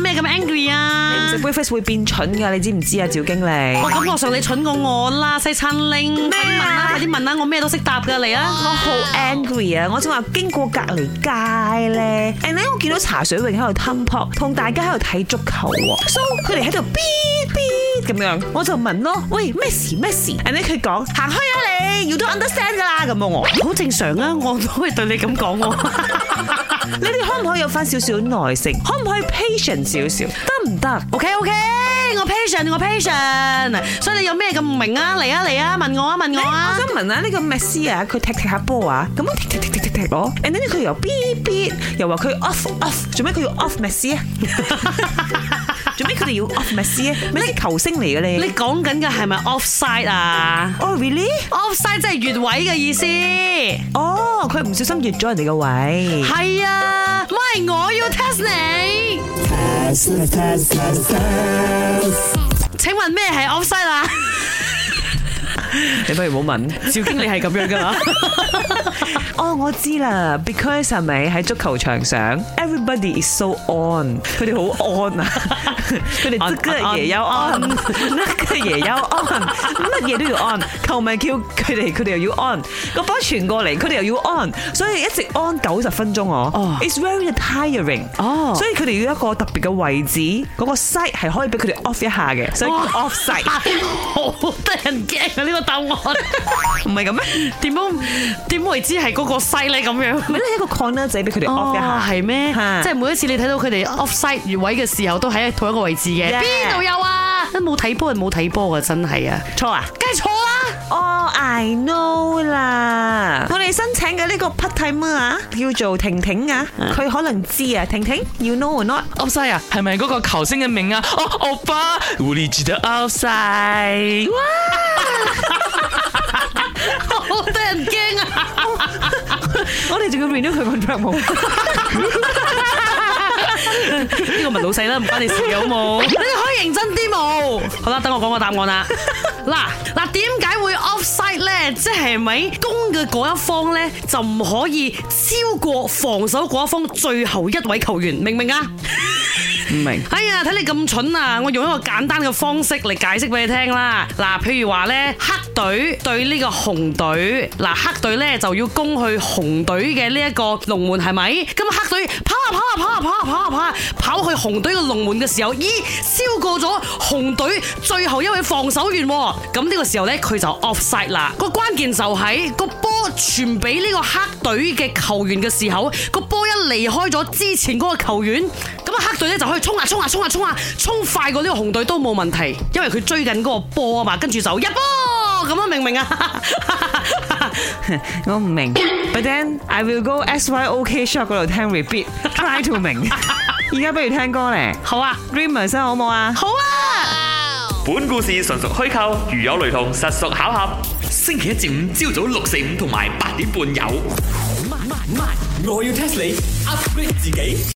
咩咁 angry 啊！你唔食 breakfast 會變蠢噶，你知唔知啊，趙經理？我、哦、感覺上你蠢過我啦，西餐領快啲問啦，快啲問啦，我咩都識答噶，你啦、哦。我好 angry 啊！我正話經過隔籬街咧，and 呢我見到茶水永喺度攤撲，同大家喺度睇足球喎。so 佢哋喺度嗶嗶咁樣，我就問咯，喂咩事咩事？and 呢佢講行開啊你，you don't understand 噶啦，咁我好正常啊，我都可以對你咁講。 你哋可唔可以有翻少少耐性？ 可唔可以 patience 少少？得唔得？OK OK，我 patience 我 patience。所以你有咩咁唔明啊？嚟啊嚟啊，問我啊問我啊。欸、我想問下呢、這個 Messi 啊，佢踢踢下波啊，咁啊踢踢踢踢踢踢。我。誒，呢啲佢又 B，嗶，又話佢 off off，做咩佢要 off Messi 啊？ 咩佢哋要 off my see 咧？咩球星嚟嘅你？你講緊嘅係咪 offside 啊？哦，really？offside 即係越位嘅意思。哦，佢唔小心越咗人哋個位。係啊，唔係我要 test 你。test test test test。請問咩係 offside 啊？你不如唔好問。趙經理係咁樣噶啦。哦，我知啦，because 係咪喺足球場上，everybody is so on，佢哋好 on 啊，佢哋乜嘢都 on，佢哋嘢都 on，乜嘢都要 on，球迷叫佢哋，佢哋又要 on，個波傳過嚟，佢哋又要 on，所以一直 on 九十分鐘哦，it's very tiring，所以佢哋要一個特別嘅位置，嗰個 side 係可以俾佢哋 off 一下嘅，所以 off side，好得人驚啊呢個答案，唔係咁咩？點樣？點位置？即係嗰個犀利咁樣，咪一個 corner 仔俾佢哋 off 嘅吓、哦，係咩？是即係每一次你睇到佢哋 offside 越位嘅時候，都喺同一個位置嘅，邊度 Yeah. 有啊？都冇睇波係冇睇波啊！真係啊，錯啊，梗係錯啦哦 I know 啦，我哋申請嘅呢個 part time 啊，叫 做婷婷啊，佢 可能知啊，婷婷，You know or not？Offside 啊，係咪嗰個球星嘅名啊？哦、oh，歐巴，狐狸知道 offside 哇。 佢 r 呢個問老細啦，唔關你事嘅好冇？ 你可以認真啲冇？好啦，等我講個答案啦。嗱嗱，點解會 offside 咧？即係咪攻嘅嗰一方咧，就唔可以超過防守嗰一方最後一位球員？明唔明啊？ 唔明？哎呀，睇你咁蠢啊！我用一個簡單嘅方式嚟解釋俾你聽啦。嗱，譬如話咧，黑隊對呢個紅隊，嗱，黑隊咧就要攻去紅隊嘅呢一個龍門係咪？咁黑隊跑啊跑啊跑啊跑啊跑啊跑，跑去紅隊嘅龍門嘅時候，咦，超過咗紅隊最後一位防守員，咁呢個時候咧佢就 offside 啦。個關鍵就係個波。.全俾呢個黑隊嘅球員嘅時候，個波一離開咗之前嗰個球員，咁啊黑隊咧就可以衝下衝下衝下衝下，衝快過呢個紅隊都冇問題，因為佢追緊嗰個波啊嘛，跟住就一波，咁啊明唔 明啊？我唔明，But then I will go S Y O K shop 嗰度聽 repeat try to 明，而家不如聽歌咧，好啊，Dreamers 好唔好啊？Ers，好，好，好啊， 本故事純屬虛構，如有雷同，實屬巧合。星期一至五朝早六四五同埋八點半有。我要 test 你，upgrade 自己。